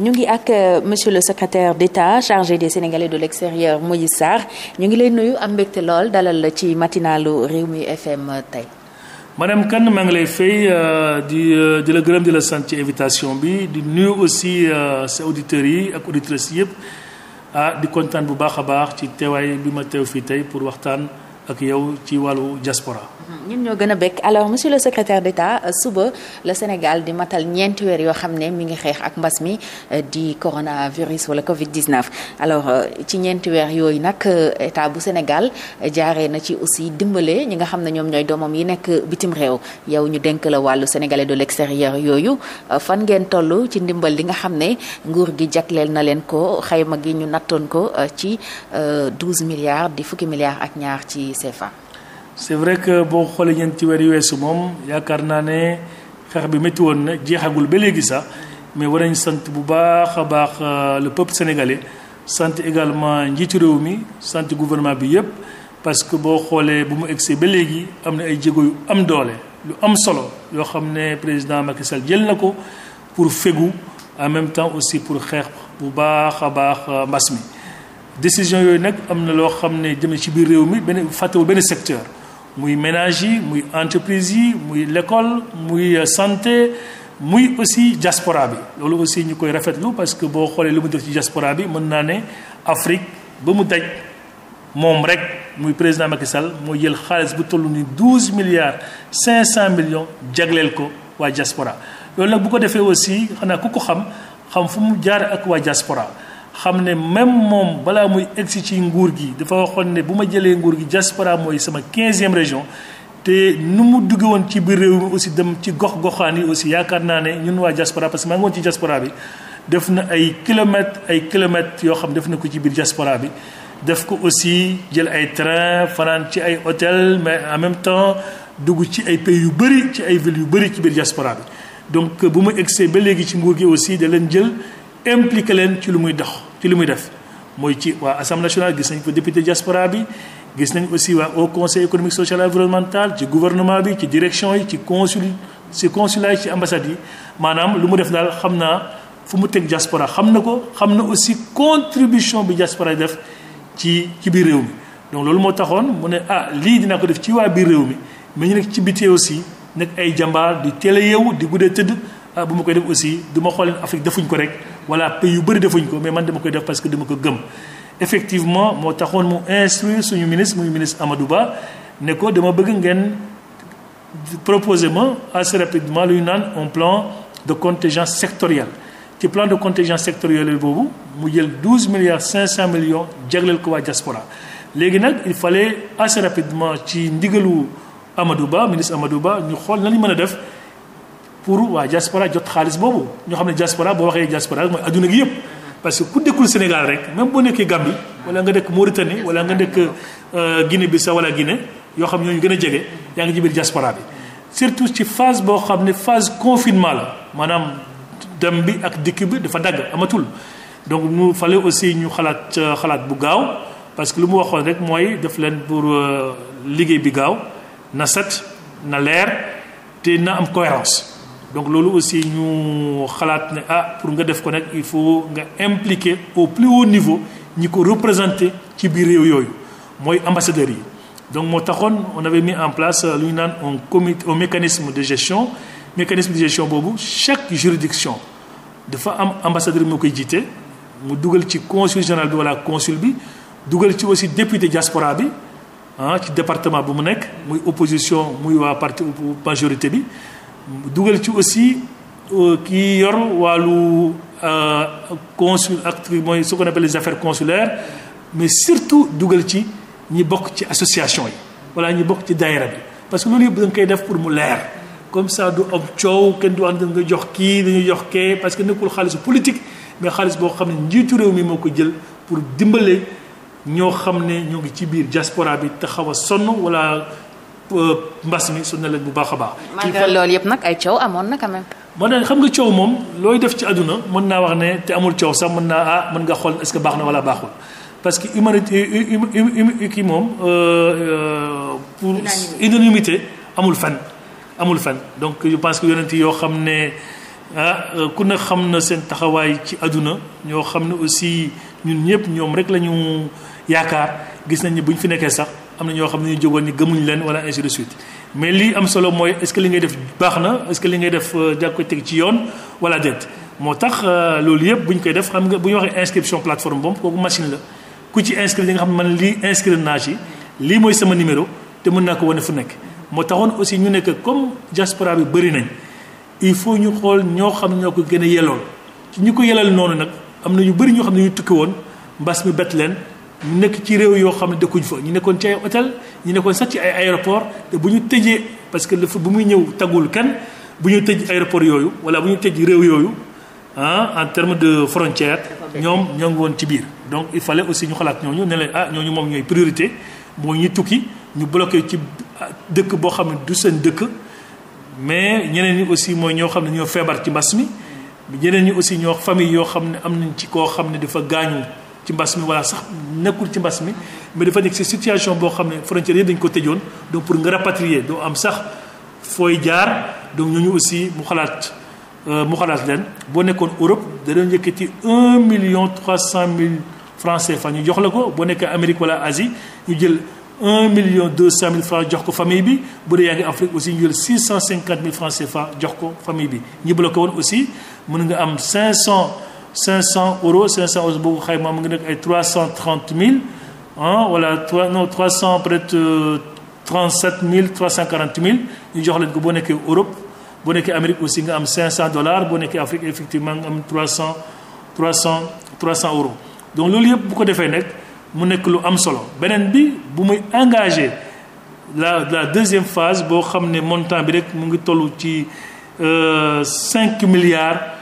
ñu ngi ak euh, monsieur le secrétaire d'État chargé des Sénégalais de l'extérieur Moïse Sarr ñu ngi lay nuyu am mbégte lool dalal la ci matinalu Rewmi FM tey. madame kan maa ngi lay fay euh, di euh, di la gërëm di la sant ci invitation bi di nuyu aussi sa auditeurs yi ak auditrices yëpp ah di kontaan bu baax a baax ci teewaay bi ma teew fii tey pour waxtaan ak yow ci wàllu diaspora. ñun ñoo gën a bekk alors monsieur le secrétaire d'État euh, suba la Sénégal di matal ñeenti weer yoo xam ne mi ngi xeex ak mbas mi euh, di coronavirus wala Covid 19. alors euh, ci ñeenti weer yooyu nag état bu Sénégal jaaree na ci aussi dimbale ñi nga xam ne ñoom ñooy doomam yi nekk bitim réew yow ñu dénk la wàllu sénégalais de l'extérieur yooyu fan ngeen tollu ci ndimbal li nga xam ne nguur gi jagleel na leen ko xayma gi ñu nattoon ko ci 12 milliards di fukki milliards ak ñaar ci CFA. c'est vrai que boo xoolee ñeenti weer yu weesu moom yaakaar naa ne xeex bi métti woon na jeexagul ba léegi sax mais war nañ sant bu baax a baax euh, le peuple sénégalais sant également njiitu réew mi sant gouvernement bi yépp parce que boo xoolee bu mu egsee ba léegi am na ay jéego yu am doole lu am solo yoo xam ne président Macky Sall jël na ko pour fegu en même temps aussi pour xeex bu baax a baax euh, mbas mi décision yooyu nag am na loo xam ne jëm ci biir réew mi benn fàttewul benn secteur muy ménage yi muy entreprise yi muy l'école muy euh, santé muy aussi diaspora bi loolu aussi ñu koy rafetlu parce que boo xoolee lu mu def ci jaspora bi mën naa ne Afrique ba mu daj moom rek muy président Macky Sall moo jël xaalis bu toll ni douze milliards cinq cent millions jagleel ko waa jaspora loolu nag bu ko defee aussi xanaa ku ko xam xam fu mu jaar ak waa jaspora xam ne même moom balaa muy egsi ci nguur gi dafa waxoon ne bu ma jëlee nguur gi diaspora mooy sama quinzième région te nu mu dugge woon ci biir réew mi aussi dem ci gox goxaan yi aussi yaakaar naa ne ñun waa diaspora parce que maa ngi woon ci diaspora bi def na ay kilomètres ay kilomètres yoo xam ne def na ko ci biir diaspora bi def ko aussi jël ay train fanaan ci ay hôtel mais en même temps dugg ci ay pays yu bëri ci ay ville yu bëri ci biir diaspora bi donc bu ma egsee ba léegi ci nguur gi aussi da leen jël impliqué leen ci lu muy dox ci li muy def mooy ci waa assemblée nationale gis nañ ko député diaspora bi gis nañ aussi waa au conseil économique social et environnemental ci gouvernement bi ci direction yi ci consul ci consulat ci ambassade yi maanaam lu mu def daal xam naa fu mu teg diaspora xam na ko xam na aussi contribution bi diaspora def ci ci biir réew mi donc loolu moo taxoon mu ne ah lii dina ko def ci waa biir réew mi mais ñu nekk ci biti aussi nekk ay jambaar di teel a yeewu di guddee tëdd ah, bu ma koy def aussi du ma xooleen Afrique defuñ ko rek voilà pays yu bëri defuñ ko mais man dama koy def parce que dama ko gëm effectivement moo taxoon mu instruire suñu ministre muy ministre Amadou Ba ne ko dama bëgg ngeen proposer ma assez rapidement lu ñu naan un plan de contingence sectoriel ci plan de contingence sectoriel boobu mu jël douze milliards cinq cent millions jagleel ko waa diaspora léegi nag il fallait assez rapidement ci ndigalu Amadou Ba ministre Amadou Ba ñu xool nañu mën a def pour waa diaspora jot xaalis boobu ñoo xam ne diaspora boo waxee diaspora mooy adduna gi yëpp parce que ku dëkkul Sénégal rek même boo nekkee Gambie wala nga dëkk Mauritanie wala nga dëkk euh, Guinée Bissau wala Guinée yoo xam ñu gën a jege yaa ngi ci biir diaspora bi surtout ci phase boo xam ne phase confinement la maanaam dem bi ak dikk bi dafa dagg amatul donc mu fale aussi ñu xalaat euh, xalaat bu gaaw parce que lu mu waxoon rek mooy def leen pour euh, liggéey bi gaaw na set na leer te am cohérence donc loolu aussi ñu xalaat ne ah pour nga def ko nag il faut nga impliquer au plus haut niveau ñi ko représenté ci biir réew yooyu mooy ambassadeurs yi. donc moo taxoon on avait mis en place lu ñu naan un comité un mécanisme de gestion mécanisme de gestion boobu chaque juridiction dafa am ambassadeur moo koy jiite mu dugal ci consul général bi wala consul bi dugal ci aussi député diaspora bi ah ci département bi mu nekk muy opposition muy waa parti majorité bi. dugal ci aussi euh, kii yor wàllu euh, consul ak mooy ce qu'on appelle les affaires consulaires mais surtout dugal ci ñi bokk ci association yi walla ñi bokk ci daayira bi parce que loolu yëpp da nga koy def pour mu leer comme ça du am coow kenn du wax da nga jox kii dañu jox kee parce que nekkul xaalisu politique mais xaalis boo xam ne njiitu réew mi moo ko jël pour dimbale ñoo xam ne ñoo ngi ci biir diaspora bi te xaw a sonn walla Euh, mbas mi sonal leen bu baax a baax. malgré loolu yëpp nag ay coow amoon na quand même. ma xam nga coow moom looy def ci àdduna mën naa wax ne te amul coow sax mën naa ah mën nga xool est que baax na wala baaxul parce que humanité kii moom euh, euh, pour amul fenn amul fenn donc je pense que yonent yoo xam ne ah ku ne xam na seen taxawaay ci àdduna ñoo xam ne aussi ñun ñëpp ñoom rek la ñu yaakaar gis nañ ne bu ñu fi nekkee sax. am na ñoo xam ne ñu jógoon ni gëmuñ leen wala ainsi de suite mais lii am solo mooy est-ce que li ngay def baax na est-ce que li ngay def euh, jàg koy teg ci yoon wala déet moo tax euh, loolu yëpp bu ñu koy def xam nga bu ñu waxee inscription plateforme boobu kooku machine la ku ci inscrire di nga xam ne man lii inscrire naa ci lii mooy sama numéro te mën naa ko wane fu nekk moo taxoon aussi ñu nekk comme diaspora bi bari nañ il faut ñu xool ñoo xam ne ñoo ko gën a yelool ci ko yelal noonu nag am na ñu bëri ñoo xam ne ñu tukki woon mbas mi bett leen ñu nekk ci réew yoo xam ne dëkkuñ fa ñu nekkoon ci ay hôtel ñu nekkoon sax ci ay aéroport te bu ñu tëjee parce que dafa bu muy ñëw tagul kenn bu ñu tëj aéroport yooyu wala bu ñu tëj réew yooyu ah en terme de frontière ñoom ñoo ngi woon ci biir donc il fallait aussi ñu xalaat ñooñu ne leen ah ñooñu moom ñooy priorité mooy ñi tukki ñu bloqué ci dëkk boo xam ne du seen dëkk mais ñeneen ñi aussi mooy ñoo xam ne ñoo feebar ci mbas mi ñeneen ñi aussi ñoo famille yoo xam ne am nañ ci koo xam ne dafa gaañu ci mbas mi wala sax nekkul ci mbas mi mais dafa nekk si situation boo xam ne frontière yëpp dañ ko tëjoon donc pour nga rapatrier doo am sax fooy jaar donc ñooñu aussi mu xalaat euh, mu xalaat leen boo nekkoon Europe da doon yëkkati un million trois cent mille francs CFA ñu jox la ko boo nekkee Amérique wala Asie ñu jël un million deux cent mille jox ko famille bi bu dee yaa ngi Afrique aussi ñu jël cinquante mille francs CFA jox ko famille bi la bloqué woon aussi mën nga am cinq cent 500 euros 500 euros boo ko xaymaa mu ngi nekk ay trois 330 000 ah wala 3 non 300 peut être mille 000 340 000 ñu jox leen ko boo nekkee Europe boo nekkee Amérique aussi nga am 500 dollars boo nekkee Afrique effectivement nga am 300 300 300 euros donc loolu yëpp bu ko defee nekk mu nekk lu am solo beneen bi bu muy engagé la la deuxième phase boo xam ne montant bi rek mu ngi tollu ci 5 euh, milliards.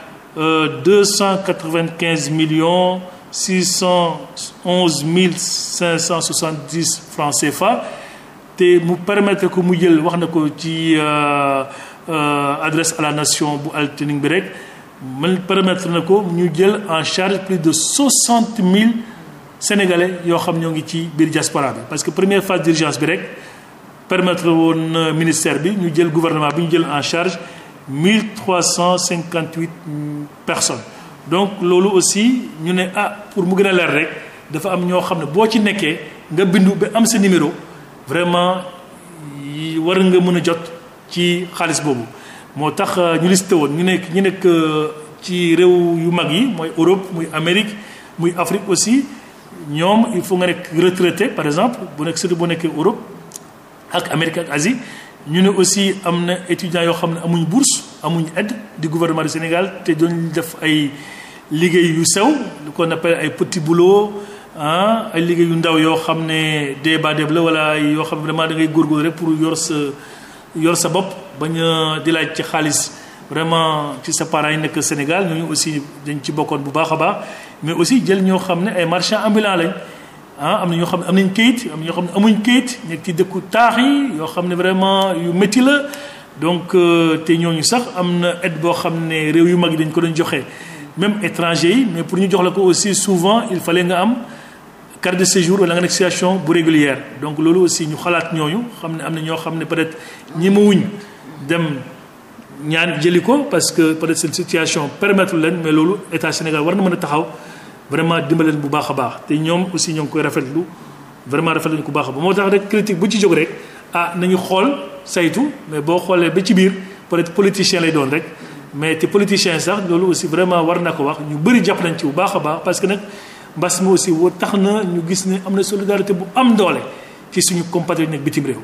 deux cent quatre-vingt-quinze millions six cent onze mille cinq cent soixante-dix francs CFA te mu permettre ko mu jël wax na ko ci euh, euh, adresse à la nation bu altinique bi rek man permettre na ko ñu jël en charge plus de soixante mille sénégalais yoo xam ñoo ngi ci biir diaspora bi parce que première phase d'urgence bi rek permettre woon ministère bi ñu jël gouvernement bi ñu jël en charge 1358 personnes donc loolu aussi ñu ne ah pour mu gën a leer rek dafa am ñoo xam ne boo ci nekkee nga bindu ba am sa numéro vraiment war nga mën a jot ci xaalis boobu moo tax euh, ñu listé woon ñu nekk ñu nekk euh, ci réew yu mag yi mooy Europe muy Amérique muy Afrique aussi ñoom il faut nga nekk retraité par exemple bu nekk surtout bu nekkee Europe ak Amérique ak Asie ñu ne aussi am na étudiants yoo xam ne amuñ bourse amuñ aide du gouvernement du Sénégal te doon def ay liggéey yu sew lu qu'on appelle ay petit boulot ah ay liggéey yu ndaw yoo xam ne débat déb la wala yoo xam ne vraiment da ngay rek pour yor sa yor sa bopp bañ a di laaj ci xaalis vraiment ci sa parents yi nekk Sénégal ñu aussi dañ ci bokkoon bu baax a baax mais aussi jël ñoo xam ne ay marchands ambulants lañ. ah am na ñoo xam ne am nañ kayit am ñoo xam ne amuñ kayit nekk ci dëkku taax yi yoo xam ne vraiment yu métti la donc euh, te ñooñu sax am na aide boo xam ne réew yu mag yi dañ ko doon joxe même étranger yi pour ñu jox la ko aussi souvent il fallait nga am carte de séjour wala nga nekk situation bu régulière donc loolu aussi ñu xalaat ñooñu xam ne am na ñoo xam ne peut-être ñi ma dem ñaan jëli ko parce que peut-être seen situation permettre leen mais loolu état Sénégal war na mën a taxaw. vraiment dimbaleen bu baax a baax te ñoom aussi ñoo ngi koy rafetlu vraiment rafetlu ñu ko baax a moo tax rek critique bu ci jóg rek ah nañu xool saytu mais boo xoolee ba ci biir peut-être politicien lay doon rek mais te politicien sax loolu aussi vraiment war na ko wax ñu bëri jàpp nañ ci bu baax a baax parce que nag mbas mi aussi woo tax na ñu gis ne am na solidarité bu am doole ci suñu compatriotes nag bitim réew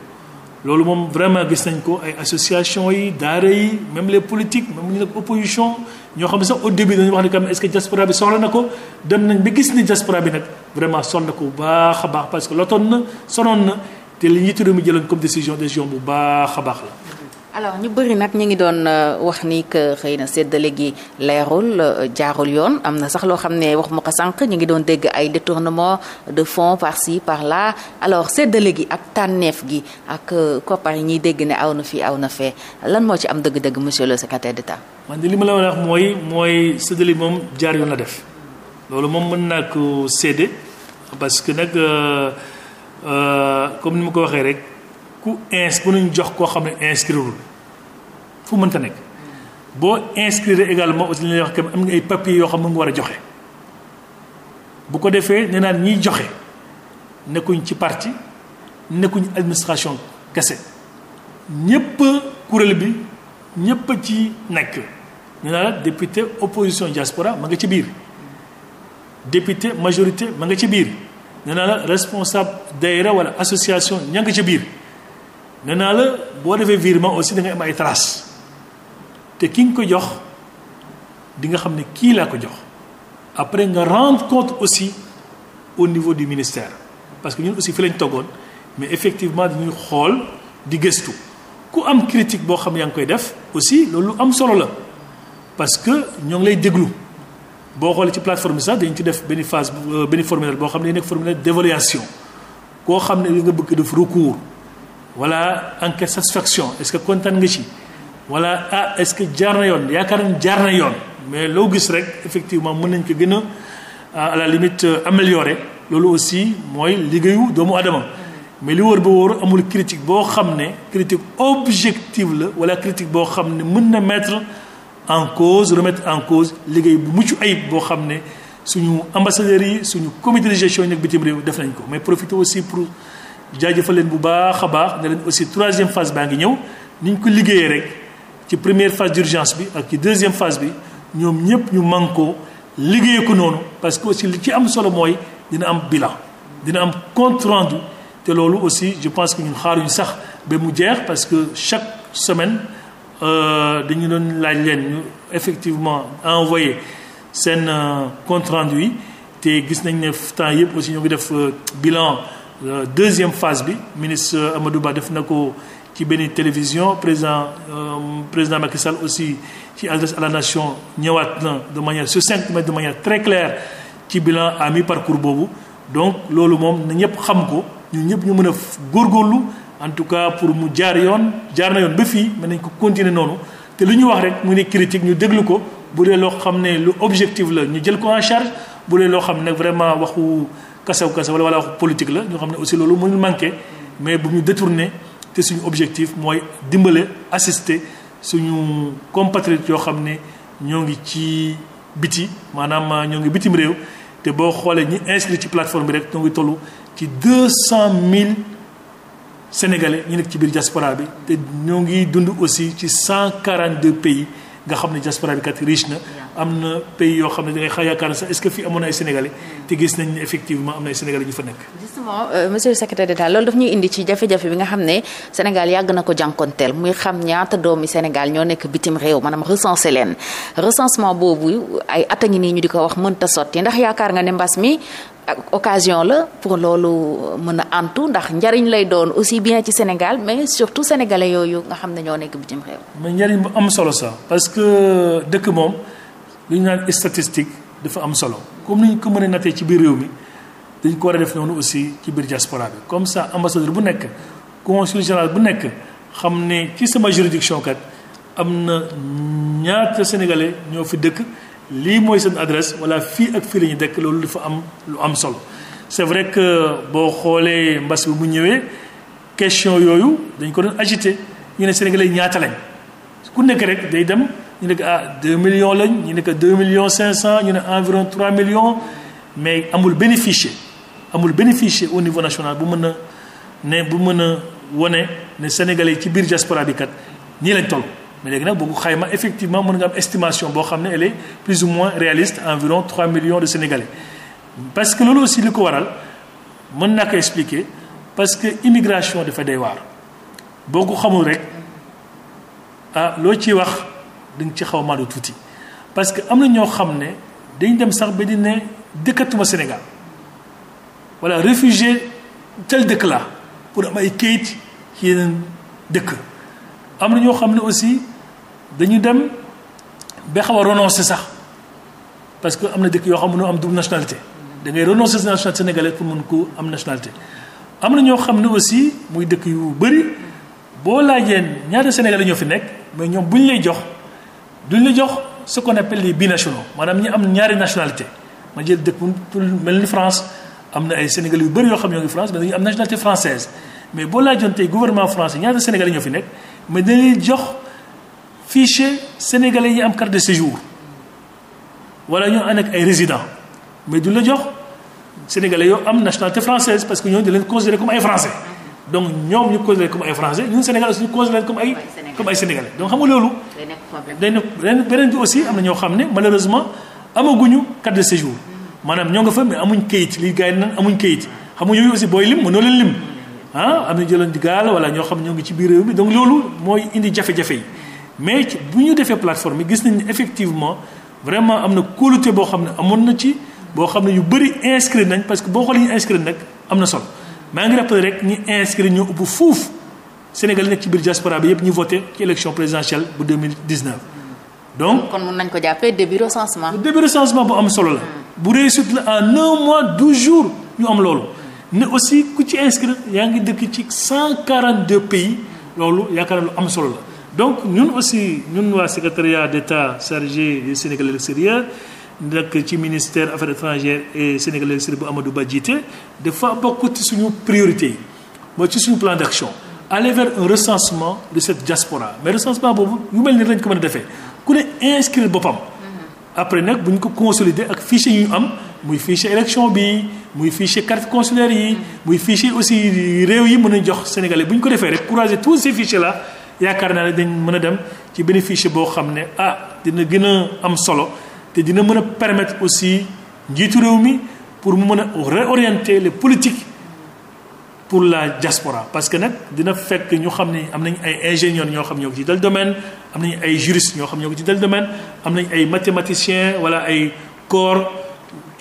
loolu moom vraiment gis nañ ko ay association yi daara yi même les politiques même ñu nekk opposition ñoo xam ne sax au début dañu wax ne kam est-ce que diaspora bi soxla na ko dem nañ bi gis ni diaspora bi nag vraiment sol na ko bu baax a baax parce que lotoon na sonoon na te li njiitu réew mi jëloon comme décision décision bu baax a baax la alors ñu bëri nag ñu ngi doon euh, wax ni xëy na séddale gi leerul euh, jaarul yoon am na sax loo xam ne wax ma ko sànq ñu ngi doon dégg ay détournement de fonds par ci par là alors séddale gi ak tànneef gi ak euh, koppar yi ñuy dégg ne aw na fii aw na fee lan moo ci am dëgg-dëgg monsieur le secrétaire d'État. man de li ma la wax mooy mooy séddale moom jaar yoon la def loolu moom mën naa ko séddee parce que nag comme ni ma ko waxee rek ku ins bu nañ jox koo xam ne inscrire fu mënta nekk boo inscrire également aussi li ñuy wax am nga ay papiers yoo xam mu ngi war a joxe bu ko defee nee naan ñiy joxe nekkuñ ci parti nekkuñ administration kese ñëpp kuréel bi ñëpp ci nekk nee naa la député opposition diaspora ma nga ci biir député majorité ma nga ci biir nee naa la responsable daayira wala association ña ci biir nee naa la boo defee virement aussi da am ay traces te ki nga ko jox di nga xam ne kii laa ko jox après nga rendre compte aussi au niveau du ministère parce que ñun aussi fi lañ toggoon mais effectivement dañuy xool di gëstu ku am critique boo xam yaa ngi koy def aussi loolu am solo la parce que ñoo ngi lay déglu boo xoolee ci plateforme bi sax dañu ci def benn phase euh, benn formulaire boo xam ne nekk formulaire d'évaluation koo xam ne li nga bëgg def recours wala enquête satisfaction est-ce que kontaan nga ci wala ah est-ce que jaar na yoon yaakaar nañ jaar na yoon mais loo gis rek effectivement mën nañ ko gën a ah, à la limite euh, améliorer loolu aussi mooy liggéeyu doomu adama mais li wër ba wóor amul critique boo xam ne critique objective la wala critique boo xam ne mun na mettre en cause remettre en cause liggéey bu mucc ayib boo xam ne suñu ambassadeurs yi suñu comité de gestion yi nag bitim réew def nañ ko mais profiter aussi pour jaajëfal leen bu baax a baax ne leen aussi troisième phase baa ngi ñëw ni ko liggéeyee rek. ci première phase d'urgence bi ak ci deuxième phase bi ñoom ñëpp ñu man ko noonu parce que aussi li ci am solo mooy dina am bilan dina am compte rendu te loolu aussi je pense que ñun xaaruñu sax ba mu jeex parce que chaque semaine euh, dañu doon laaj leen ñu effectivement envoyé seen euh, compte rendu yi te gis nañ ne temps yëpp aussi ñoo ngi def euh, bilan deuxième phase bi ministre Amadou Ba def na ko ci benn télévision président euh, président Macky Sall aussi ci adresse à la nation ñëwaat na de manière su mais de manière très claire ci bilan à mi parcours boobu donc loolu moom na ñëpp xam ko ñun ñëpp ñu mën a góor góorlu en tout cas pour mu jaar yoon jaar na yoon ba fii mën nañ ko continuer noonu te lu ñu wax rek mu ne critique ñu déglu ko bu dee loo xam ne lu objectif la ñu jël ko en charge bu dee loo xam ne nag vraiment waxu kasaw kasaw wala waxu politique la ñu xam ne aussi loolu mënul manqué mais bu ñu détourné te suñu objectif mooy dimbale assisté suñu compatriotes yoo xam ne ñoo ngi ci biti maanaam ñoo ngi bitim réew te boo xoolee ñi inscrit ci plateforme bi rek ñoo ngi toll ci deux cent mille sénégalais ñu nekk ci biir diaspora bi te ñoo ngiy dund aussi ci cent quarante deux pays nga xam ne diaspora bi kat riche na. am na pays yoo xam ne dangay xaw yaakaar ne sax est-ce que fii amoon ay sénégalais hmm. te gis nañ effectivement am na ay sénégalais ñu fa nekk. justement euh, monsieur le ne Sénégal yàgg na ko jànkonteel muy xam ñaata doomi Sénégal ñoo nekk bitim réew maanaam recensé leen recensement boobu ay at a ngi di ko wax mënta sotti ndax yaakaar nga ne mbas mi occasion la pour loolu mën a antu ndax njariñ lay doon aussi bien ci Sénégal mais surtout sénégalais yooyu nga xam ne ñoo nekk bitim réew. mais njariñ bu am solo sax parce que dëkk moom. lu ñu naan statistique dafa am solo comme ni ñu ko mënee a nattee ci biir réew mi dañ ko war a def noonu aussi ci biir diaspora bi comme sa ambassadeur bu nekk consul général bu nekk xam ne ci sama juridiction kat am na ñaata sénégalais ñoo fi dëkk lii mooy seen adresse wala fii ak fii la ñu dëkk loolu dafa am lu am solo c'est vrai que boo xoolee mbas bi mu ñëwee question yooyu dañ ko doon agité ñu ne sénégalais ñaata lañ ku nekk rek day dem. ñu ne ko ah 2 millions lañ ñu ne ko 2 millions 500 ñu ne environ 3 millions mais amul benn amul benn fichier au niveau national bu mën a ne bu mën a wone ne sénégalais ci biir diaspora bi kat nii lañ toll. mais léegi nag boo ko xayma effectivement mën nga am estimation boo xam ne elle est plus ou moins réaliste environ 3 millions de sénégalais parce que loolu si li ko waral mën naa ko expliquer parce que immigration dafa day waar boo ko xamul rek ah loo ci wax. dañ ci xaw a maandu tuuti parce que am na ñoo xam ne dañ dem sax ba di ne dëkkatuma Sénégal wala réfugié tel dëkk la pour am ay kayit yeneen dëkk am na ñoo xam ne aussi dañu dem ba xaw a renoncer sax parce que am na dëkk yoo xam ne am double nationalité da ngay renoncer sa nationalité sénégalaise pour mën ko am nationalité am na ñoo xam ne aussi muy dëkk yu bëri boo laajeen ñaata Sénégalais ñoo fi nekk mais ñoom bu ñu lay jox duñ la jox ce qu'on appelle les binationaux maanaam ñi am ñaari nationalité ma jël dëkk pour mel ni France am na ay sénégalais yu bëri yoo xam ñoo ngi France mais dañu am nationalité française mais boo laajoon tey gouvernement français ñaata sénégalais ñoo fi nekk mais dañuy jox fichier sénégalais yi am carte de séjour wala ñoo ànd ak ay résidents mais jox sénégalais yoo am nationalité française parce que ñooñu da leen considéré comme ay français. donc ñoom ñu cause leen comme ay français ñun Sénégal aussi ñu cause leen comme ay comme donc xam nga loolu day nekk beneen bi aussi am na ñoo xam ne malheureusement amaguñu carte de maanaam ñoo nga fa mais amuñ kayit li gars yi naan amuñ kayit xam nga yooyu aussi booy lim mënoo leen lim ah, am na jëloon di gaal wala ñoo xam ñoo ngi ci biir réew mi donc loolu mooy indi jafe-jafe yi mais bu ñu defee plateforme gis nañ effectivement vraiment am na kóolute boo xam ne amoon na ci boo xam ne yu bëri inscrit nañ parce que boo xoolee ñu inscrit nag am na solo maa ngi rappelé rek ñi inscrit ñoo ëpp fuuf Sénégal nekk ci biir diaspora bi yëpp ñu voté ci élection présidentielle bu 2019 donc kon mën nañ ko jàppee début recensement. début recensement bu am solo la. bu réussite la en un mois douze jours ñu am loolu. ne aussi ku ci inscrire yaa ngi dëkk ci cent quarante deux pays loolu yaakaar naa lu am solo la donc ñun aussi ñun waa secrétariat d' état chargé des Sénégalais de l'extérieur nekk ci ministère affaires étrangères et sénégalais sëriñ bu Amadou Ba jiite dafa bokk ci suñu priorité yi mooy ci suñu plan d' action aller vers un recensement de cette diaspora mais recensement boobu yu mel ni lañ ko mën a defee ku ne inscrire boppam. Mhm. après nag bu ñu ko consolider ak fichier yu ñu am muy fichier élection bi muy fichier carte consulaire yi mhm. muy fichier aussi réew yi mën a jox sénégalais bu ñu ko defee rek croiser tous ces fichiers là yaakaar naa ne dañ mën a dem ci bénéfice boo xam ne ah dina gën a am solo. te dina mën a permettre aussi njiitu réew mi pour mu mën a réorienter les politiques pour la diaspora parce que nag dina fekk ñu xam ne am nañ ay ingénieurs ñoo xam ñoo ko ci dal domaine am nañ ay juristes ñoo xam ñoo ko ci dal domaine am nañ ay mathématiciens wala ay corps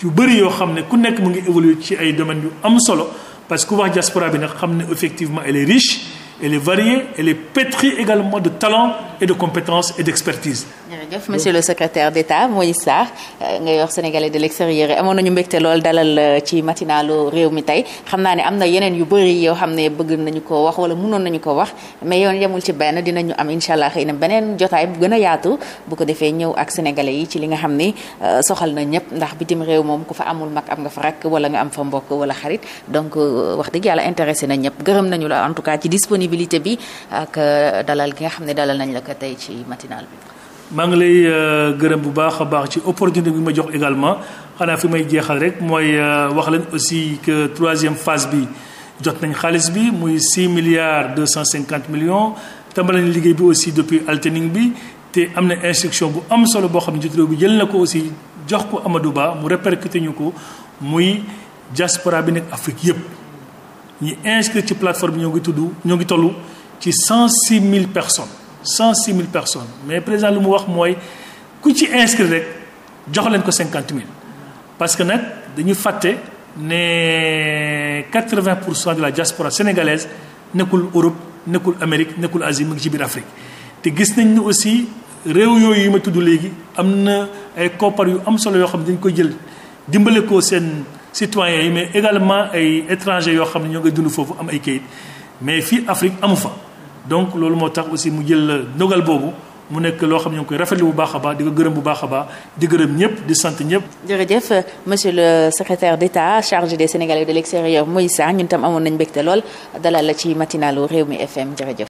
yu bëri yoo xam ne ku nekk mu ngi évoluer ci ay domaines yu am solo parce que ku wax diaspora bi nag xam ne effectivement elle est riche elle est variée, elle est pétrie également de talents et de compétences et d'expertise. jërëjëf monsieur le secrétaire d'État Moïse Sarr euh, nga yor sénégalais de l'extérieur amoon nañu mbégte lool dalal euh, ci matinalu réew mi tey xam naa ne am na yeneen yu bari yoo xam ne bëgg nañu ko wax wala mënoon nañu ko wax mais yoon yemul ci benn dinañu am incha allah xëy na beneen jotaay bu gën a yaatu bu ko defee ñëw ak sénégalais yi ci li nga xam ni euh, soxal na ñëpp ndax bitim réew moom ku fa amul mag am nga fa rakk wala nga am fa mbokk wala xarit donc wax dëgg yàlla intéressé na ñëpp gërëm nañu sensibilité bi ak euh, dalal gi nga xam ne dalal nañ la ko tey ci matinal bi. maa ngi lay euh, gërëm bu baax a baax ci opportunité bi ma jox également xanaa fi may jeexal rek mooy euh, wax leen aussi que troisième fase bi jot nañ xaalis bi muy 6 milliards 250 millions tàmbali nañ liggéey bi aussi depuis Altening bi. te am na instruction bu am solo boo xam ne jiitu réew bi jël na ko aussi jox ko Amadou Ba mu répercuté ñu ko muy diaspora bi nekk Afrique yëpp. ñi inscrit ci plateforme bi ñoo ngi tudd ñoo ngi tollu ci cent six mille personnes cent six mille personnes mais président lu mu wax mooy ku ci inscrit rek jox leen ko cinquante mille parce que nag dañu fàtte ne quatre vingt pour cent de la diaspora sénégalaise nekkul Europe nekkul Amérique nekkul Asie mu ci biir Afrique te gis nañ ni aussi réew yooyu yi ma tudd léegi am na ay koppar yu am solo yoo xam ne dañ ko jël dimbale ko seen. citoyens yi mais également ay étrangers yoo xam ne ñoo ngay dund foofu am ay kayit mais fii Afrique amu fa donc loolu moo tax aussi mu jël ndogal boobu mu nekk loo xam ne ñu ngi koy rafetlu bu baax a baax di ko gërëm bu baax a baax di gërëm ñëpp di sant ñëpp. jërëjëf monsieur le secrétaire d'État chargé des Sénégalais de l'extérieur Moïse Sarr ñun tam amoon nañu mbégte lool dalal la ci matinalu mi FM jërëjëf.